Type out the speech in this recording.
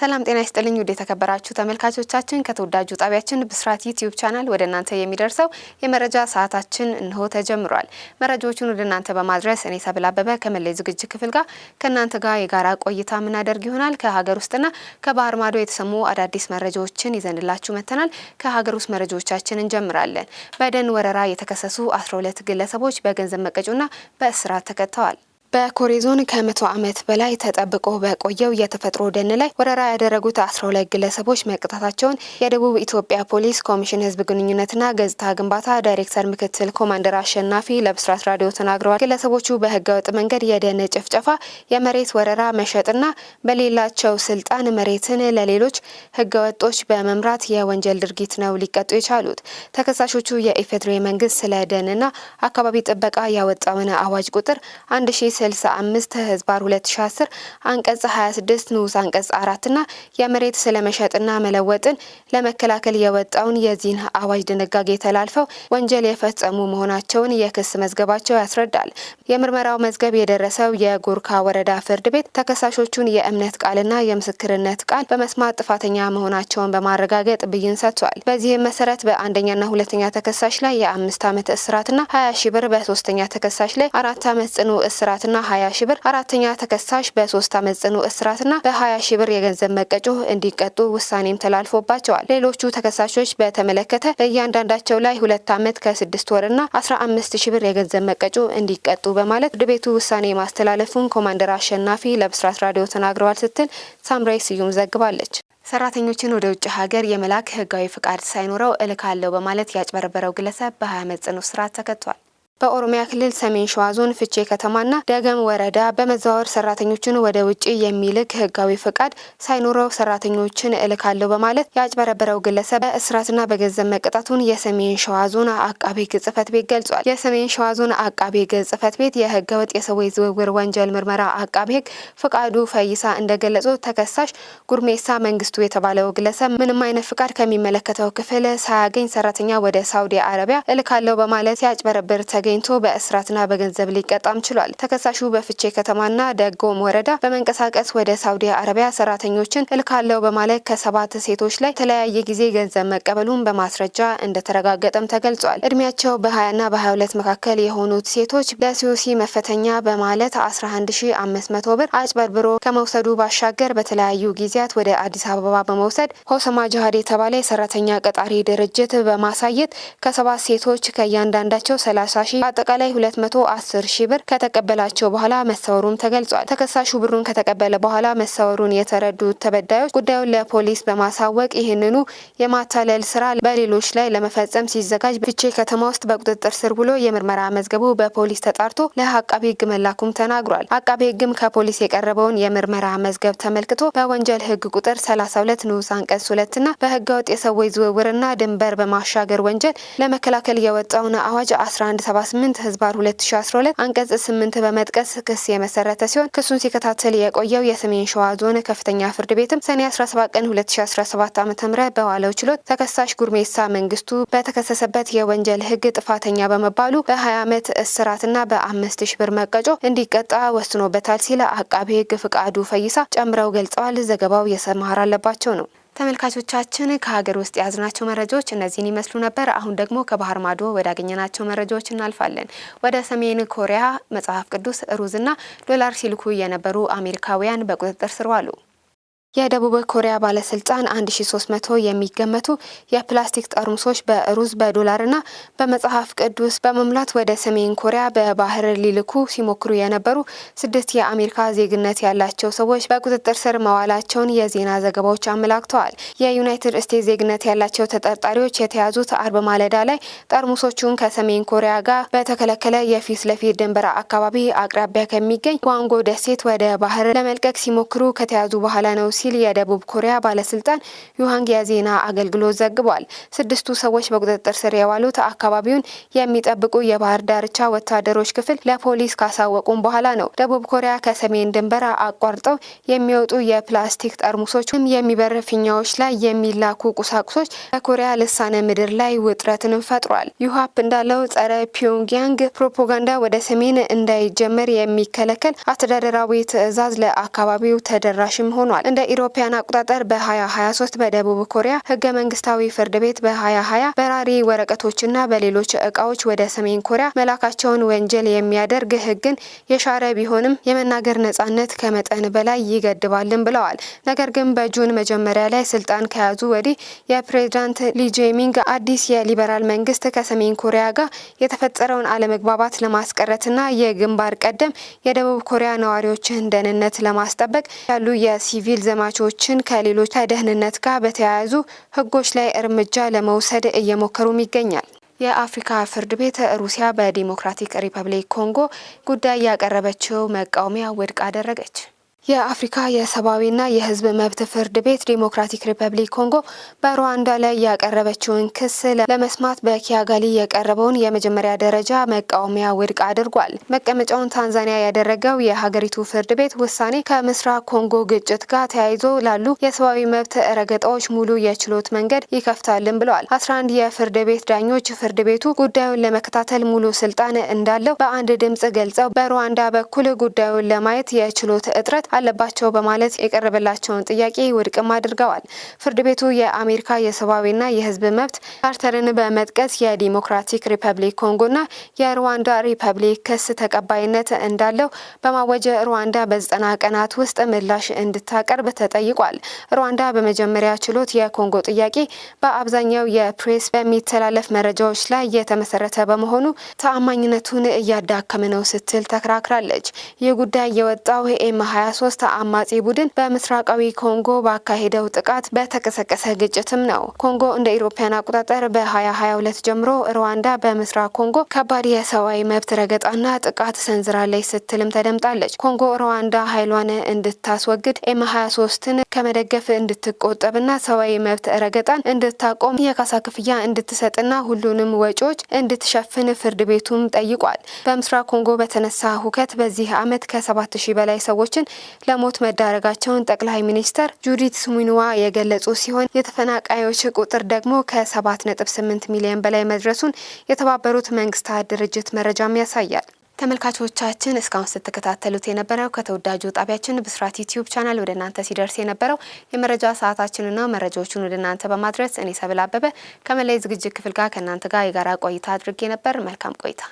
ሰላም ጤና ይስጥልኝ ውድ የተከበራችሁ ተመልካቾቻችን፣ ከተወዳጁ ጣቢያችን ብስራት ዩቲዩብ ቻናል ወደ እናንተ የሚደርሰው የመረጃ ሰዓታችን እንሆ ተጀምሯል። መረጃዎቹን ወደ እናንተ በማድረስ እኔ ሰብል አበበ ከመለይ ዝግጅት ክፍል ጋር ከእናንተ ጋር የጋራ ቆይታ የምናደርግ ይሆናል። ከሀገር ውስጥና ከባህር ማዶ የተሰሙ አዳዲስ መረጃዎችን ይዘንላችሁ መተናል። ከሀገር ውስጥ መረጃዎቻችን እንጀምራለን። በደን ወረራ የተከሰሱ 12 ግለሰቦች በገንዘብ መቀጮና በእስራት ተከተዋል። በኮሬ ዞን ከመቶ ዓመት በላይ ተጠብቆ በቆየው የተፈጥሮ ደን ላይ ወረራ ያደረጉት አስራ ሁለት ግለሰቦች መቅጣታቸውን የደቡብ ኢትዮጵያ ፖሊስ ኮሚሽን ህዝብ ግንኙነትና ገጽታ ግንባታ ዳይሬክተር ምክትል ኮማንደር አሸናፊ ለብስራት ራዲዮ ተናግረዋል። ግለሰቦቹ በህገወጥ መንገድ የደን ጭፍጨፋ፣ የመሬት ወረራ፣ መሸጥና በሌላቸው ስልጣን መሬትን ለሌሎች ህገወጦች በመምራት የወንጀል ድርጊት ነው ሊቀጡ የቻሉት። ተከሳሾቹ የኢፌዴሪ መንግስት ስለ ደንና አካባቢ ጥበቃ ያወጣውን አዋጅ ቁጥር አንድ 65 ህዝባር 2010 አንቀጽ 26 ንዑስ አንቀጽ ና የመሬት ስለመሸጥና መለወጥን ለመከላከል የወጣውን የዚህን አዋጅ ድንጋጌ ተላልፈው ወንጀል የፈጸሙ መሆናቸውን የክስ መዝገባቸው ያስረዳል። የምርመራው መዝገብ የደረሰው የጎርካ ወረዳ ፍርድ ቤት ተከሳሾቹን የእምነት ቃልና የምስክርነት ቃል በመስማት ጥፋተኛ መሆናቸውን በማረጋገጥ ብይን ሰጥቷል። በዚህም መሰረት በአንደኛና ሁለተኛ ተከሳሽ ላይ የአምስት ዓመት እስራትና 20 ሺ ብር በሶስተኛ ተከሳሽ ላይ አራት ዓመት ጽኑ እስራትና ቅጣትና ሀያ ሺ ብር፣ አራተኛ ተከሳሽ በሶስት አመት ጽኑ እስራትና በሀያ ሺ ብር የገንዘብ መቀጮ እንዲቀጡ ውሳኔም ተላልፎባቸዋል። ሌሎቹ ተከሳሾች በተመለከተ በእያንዳንዳቸው ላይ ሁለት አመት ከስድስት ወርና አስራ አምስት ሺ ብር የገንዘብ መቀጮ እንዲቀጡ በማለት ፍርድ ቤቱ ውሳኔ ማስተላለፉን ኮማንደር አሸናፊ ለብስራት ራዲዮ ተናግረዋል ስትል ሳምራይ ስዩም ዘግባለች። ሰራተኞችን ወደ ውጭ ሀገር የመላክ ህጋዊ ፍቃድ ሳይኖረው እልካለው በማለት ያጭበረበረው ግለሰብ በ20 ዓመት ጽኑ እስራት ተከቷል። በኦሮሚያ ክልል ሰሜን ሸዋ ዞን ፍቼ ከተማና ደገም ወረዳ በመዘዋወር ሰራተኞችን ወደ ውጭ የሚልክ ህጋዊ ፍቃድ ሳይኖረው ሰራተኞችን እልካለሁ በማለት ያጭበረበረው ግለሰብ በእስራትና በገንዘብ መቅጣቱን የሰሜን ሸዋ ዞን አቃቤ ህግ ጽህፈት ቤት ገልጿል። የሰሜን ሸዋ ዞን አቃቤ ህግ ጽህፈት ቤት የህገወጥ የሰዎች ዝውውር ወንጀል ምርመራ አቃቤ ህግ ፍቃዱ ፈይሳ እንደገለጹ ተከሳሽ ጉርሜሳ መንግስቱ የተባለው ግለሰብ ምንም አይነት ፍቃድ ከሚመለከተው ክፍል ሳያገኝ ሰራተኛ ወደ ሳውዲ አረቢያ እልካለሁ በማለት ያጭበረብር ተገኝቶ በእስራትና በገንዘብ ሊቀጣም ችሏል። ተከሳሹ በፍቼ ከተማና ደጎም ወረዳ በመንቀሳቀስ ወደ ሳውዲ አረቢያ ሰራተኞችን እልካለው በማለት ከሰባት ሴቶች ላይ የተለያየ ጊዜ ገንዘብ መቀበሉን በማስረጃ እንደተረጋገጠም ተገልጿል። እድሜያቸው በ20ና በ22 መካከል የሆኑት ሴቶች ለሲዩሲ መፈተኛ በማለት 11500 ብር አጭበርብሮ ከመውሰዱ ባሻገር በተለያዩ ጊዜያት ወደ አዲስ አበባ በመውሰድ ሆሰማ ጅሃድ የተባለ የሰራተኛ ቀጣሪ ድርጅት በማሳየት ከሰባት ሴቶች ከእያንዳንዳቸው 30 ሺ አጠቃላይ 210 ሺህ ብር ከተቀበላቸው በኋላ መሰወሩም ተገልጿል። ተከሳሹ ብሩን ከተቀበለ በኋላ መሰወሩን የተረዱት ተበዳዮች ጉዳዩን ለፖሊስ በማሳወቅ ይህንኑ የማታለል ስራ በሌሎች ላይ ለመፈጸም ሲዘጋጅ ፍቼ ከተማ ውስጥ በቁጥጥር ስር ውሎ የምርመራ መዝገቡ በፖሊስ ተጣርቶ ለአቃቢ ህግ መላኩም ተናግሯል። አቃቢ ህግም ከፖሊስ የቀረበውን የምርመራ መዝገብ ተመልክቶ በወንጀል ህግ ቁጥር 32 ንዑስ አንቀጽ 2 እና በሕገ ወጥ የሰዎች ዝውውርና ድንበር በማሻገር ወንጀል ለመከላከል የወጣውን አዋጅ 11 48 ህዝባር 2012 አንቀጽ 8 በመጥቀስ ክስ የመሰረተ ሲሆን ክሱን ሲከታተል የቆየው የሰሜን ሸዋ ዞን ከፍተኛ ፍርድ ቤትም ሰኔ 17 ቀን 2017 ዓ ም በዋለው ችሎት ተከሳሽ ጉርሜሳ መንግስቱ በተከሰሰበት የወንጀል ህግ ጥፋተኛ በመባሉ በ20 ዓመት እስራትና በአምስት ሺህ ብር መቀጮ እንዲቀጣ ወስኖበታል ሲል አቃቤ ህግ ፍቃዱ ፈይሳ ጨምረው ገልጸዋል። ዘገባው የሰማር አለባቸው ነው። ተመልካቾቻችን ከሀገር ውስጥ የያዝናቸው መረጃዎች እነዚህን ይመስሉ ነበር። አሁን ደግሞ ከባህር ማዶ ወዳገኘናቸው መረጃዎች እናልፋለን። ወደ ሰሜን ኮሪያ መጽሐፍ ቅዱስ፣ ሩዝና ዶላር ሲልኩ የነበሩ አሜሪካውያን በቁጥጥር ስር ዋሉ። የደቡብ ኮሪያ ባለስልጣን 1300 የሚገመቱ የፕላስቲክ ጠርሙሶች በሩዝ በዶላርና በመጽሐፍ ቅዱስ በመሙላት ወደ ሰሜን ኮሪያ በባህር ሊልኩ ሲሞክሩ የነበሩ ስድስት የአሜሪካ ዜግነት ያላቸው ሰዎች በቁጥጥር ስር መዋላቸውን የዜና ዘገባዎች አመላክተዋል። የዩናይትድ ስቴትስ ዜግነት ያላቸው ተጠርጣሪዎች የተያዙት አርብ ማለዳ ላይ ጠርሙሶቹን ከሰሜን ኮሪያ ጋር በተከለከለ የፊት ለፊት ድንበር አካባቢ አቅራቢያ ከሚገኝ ዋንጎ ደሴት ወደ ባህር ለመልቀቅ ሲሞክሩ ከተያዙ በኋላ ነው ሲል የደቡብ ኮሪያ ባለስልጣን ዩሃንግ የዜና አገልግሎት ዘግቧል። ስድስቱ ሰዎች በቁጥጥር ስር የዋሉት አካባቢውን የሚጠብቁ የባህር ዳርቻ ወታደሮች ክፍል ለፖሊስ ካሳወቁም በኋላ ነው። ደቡብ ኮሪያ ከሰሜን ድንበር አቋርጠው የሚወጡ የፕላስቲክ ጠርሙሶችም የሚበር ፊኛዎች ላይ የሚላኩ ቁሳቁሶች በኮሪያ ልሳነ ምድር ላይ ውጥረትንም ፈጥሯል። ዩሃፕ እንዳለው ጸረ ፒዮንግያንግ ፕሮፓጋንዳ ወደ ሰሜን እንዳይጀመር የሚከለከል አስተዳደራዊ ትዕዛዝ ለአካባቢው ተደራሽም ሆኗል። እንደ ኢሮፓያን አቆጣጠር በ2023 በደቡብ ኮሪያ ህገ መንግስታዊ ፍርድ ቤት በ2020 በራሪ ወረቀቶችና በሌሎች እቃዎች ወደ ሰሜን ኮሪያ መላካቸውን ወንጀል የሚያደርግ ህግን የሻረ ቢሆንም የመናገር ነጻነት ከመጠን በላይ ይገድባልን ብለዋል። ነገር ግን በጁን መጀመሪያ ላይ ስልጣን ከያዙ ወዲህ የፕሬዝዳንት ሊጄሚንግ አዲስ የሊበራል መንግስት ከሰሜን ኮሪያ ጋር የተፈጠረውን አለመግባባት ለማስቀረትና የግንባር ቀደም የደቡብ ኮሪያ ነዋሪዎችን ደህንነት ለማስጠበቅ ያሉ የሲቪል ዘመ ሸማቾችን ከሌሎች ከደህንነት ጋር በተያያዙ ህጎች ላይ እርምጃ ለመውሰድ እየሞከሩም ይገኛል። የአፍሪካ ፍርድ ቤት ሩሲያ በዲሞክራቲክ ሪፐብሊክ ኮንጎ ጉዳይ ያቀረበችው መቃወሚያ ውድቅ አደረገች። የአፍሪካ የሰብአዊና የሕዝብ መብት ፍርድ ቤት ዲሞክራቲክ ሪፐብሊክ ኮንጎ በሩዋንዳ ላይ ያቀረበችውን ክስ ለመስማት በኪያጋሊ የቀረበውን የመጀመሪያ ደረጃ መቃወሚያ ውድቅ አድርጓል። መቀመጫውን ታንዛኒያ ያደረገው የሀገሪቱ ፍርድ ቤት ውሳኔ ከምስራቅ ኮንጎ ግጭት ጋር ተያይዞ ላሉ የሰብአዊ መብት ረገጣዎች ሙሉ የችሎት መንገድ ይከፍታልን ብለዋል። አስራ አንድ የፍርድ ቤት ዳኞች ፍርድ ቤቱ ጉዳዩን ለመከታተል ሙሉ ስልጣን እንዳለው በአንድ ድምጽ ገልጸው በሩዋንዳ በኩል ጉዳዩን ለማየት የችሎት እጥረት አለባቸው በማለት የቀረበላቸውን ጥያቄ ውድቅም አድርገዋል። ፍርድ ቤቱ የአሜሪካ የሰብአዊና የሕዝብ መብት ቻርተርን በመጥቀስ የዲሞክራቲክ ሪፐብሊክ ኮንጎና የሩዋንዳ ሪፐብሊክ ክስ ተቀባይነት እንዳለው በማወጀ ሩዋንዳ በዘጠና ቀናት ውስጥ ምላሽ እንድታቀርብ ተጠይቋል። ሩዋንዳ በመጀመሪያ ችሎት የኮንጎ ጥያቄ በአብዛኛው የፕሬስ በሚተላለፍ መረጃዎች ላይ የተመሰረተ በመሆኑ ተአማኝነቱን እያዳከመ ነው ስትል ተከራክራለች። ይህ ጉዳይ የወጣው ኤም 23 ሶስት አማጺ ቡድን በምስራቃዊ ኮንጎ ባካሄደው ጥቃት በተቀሰቀሰ ግጭትም ነው። ኮንጎ እንደ ኢሮፓያን አቆጣጠር በ2022 ጀምሮ ሩዋንዳ በምስራቅ ኮንጎ ከባድ የሰብአዊ መብት ረገጣና ጥቃት ሰንዝራለች ስትልም ተደምጣለች። ኮንጎ ሩዋንዳ ኃይሏን እንድታስወግድ ኤም 23ን ከመደገፍ እንድትቆጠብና ሰብአዊ መብት ረገጣን እንድታቆም የካሳ ክፍያ እንድትሰጥና ሁሉንም ወጪዎች እንድትሸፍን ፍርድ ቤቱም ጠይቋል። በምስራቅ ኮንጎ በተነሳ ሁከት በዚህ ዓመት ከ7000 በላይ ሰዎችን ለሞት መዳረጋቸውን ጠቅላይ ሚኒስተር ጁዲት ሱሚኑዋ የገለጹ ሲሆን የተፈናቃዮች ቁጥር ደግሞ ከ7.8 ሚሊዮን በላይ መድረሱን የተባበሩት መንግስታት ድርጅት መረጃም ያሳያል። ተመልካቾቻችን እስካሁን ስትከታተሉት የነበረው ከተወዳጁ ጣቢያችን ብስራት ዩቲዩብ ቻናል ወደ እናንተ ሲደርስ የነበረው የመረጃ ሰዓታችንና መረጃዎቹን ወደ እናንተ በማድረስ እኔ ሰብል አበበ ከመላይ ዝግጅት ክፍል ጋር ከእናንተ ጋር የጋራ ቆይታ አድርጌ ነበር። መልካም ቆይታ